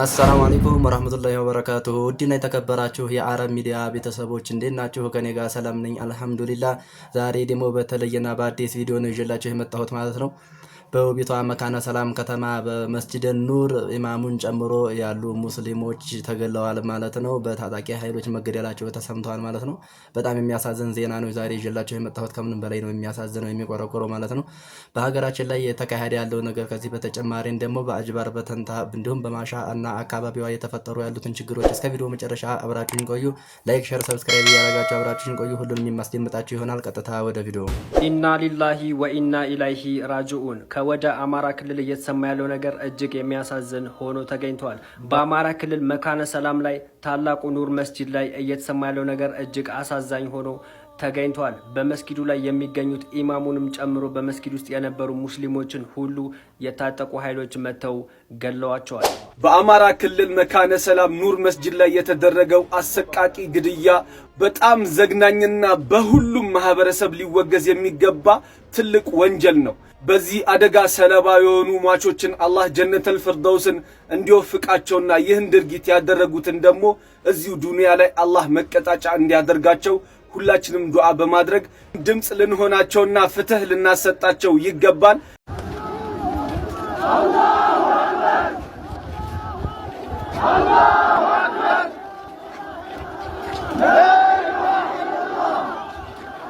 አሰላሙ አለይኩም ወራህመቱላሂ ወበረካቱሁ። ውድና የተከበራችሁ የአረብ ሚዲያ ቤተሰቦች እንዴት ናችሁ? ከኔ ጋር ሰላም ነኝ አልሐምዱሊላ። ዛሬ ደግሞ በተለየና በአዲስ ቪዲዮ ነው ይዤላችሁ የመጣሁት ማለት ነው። በውቢቷ መካነ ሰላም ከተማ በመስጅደ ኑር ኢማሙን ጨምሮ ያሉ ሙስሊሞች ተገለዋል ማለት ነው። በታጣቂ ኃይሎች መገደላቸው ተሰምተዋል ማለት ነው። በጣም የሚያሳዝን ዜና ነው ዛሬ ይዤላቸው የመጣሁት። ከምንም በላይ ነው የሚያሳዝነው የሚቆረቆረው ማለት ነው። በሀገራችን ላይ የተካሄደ ያለው ነገር ከዚህ በተጨማሪን ደግሞ በአጅባር በተንታ እንዲሁም በማሻ እና አካባቢዋ የተፈጠሩ ያሉትን ችግሮች እስከ ቪዲዮ መጨረሻ አብራችሁን ቆዩ። ላይክ፣ ሸር፣ ሰብስክራይብ እያደረጋችሁ አብራችሁን ቆዩ። ሁሉንም የማስደምጣችሁ ይሆናል። ቀጥታ ወደ ቪዲዮ። ኢና ሊላሂ ወኢና ኢላይሂ ራጅኡን ከወደ አማራ ክልል እየተሰማ ያለው ነገር እጅግ የሚያሳዝን ሆኖ ተገኝተዋል። በአማራ ክልል መካነ ሰላም ላይ ታላቁ ኑር መስጂድ ላይ እየተሰማ ያለው ነገር እጅግ አሳዛኝ ሆኖ ተገኝተዋል። በመስጊዱ ላይ የሚገኙት ኢማሙንም ጨምሮ በመስጊድ ውስጥ የነበሩ ሙስሊሞችን ሁሉ የታጠቁ ኃይሎች መጥተው ገለዋቸዋል። በአማራ ክልል መካነ ሰላም ኑር መስጂድ ላይ የተደረገው አሰቃቂ ግድያ በጣም ዘግናኝና በሁሉም ማህበረሰብ ሊወገዝ የሚገባ ትልቅ ወንጀል ነው። በዚህ አደጋ ሰለባ የሆኑ ሟቾችን አላህ ጀነተል ፍርደውስን እንዲወፍቃቸውና ይህን ድርጊት ያደረጉትን ደግሞ እዚሁ ዱንያ ላይ አላህ መቀጣጫ እንዲያደርጋቸው ሁላችንም ዱዓ በማድረግ ድምፅ ልንሆናቸውና ፍትህ ልናሰጣቸው ይገባል።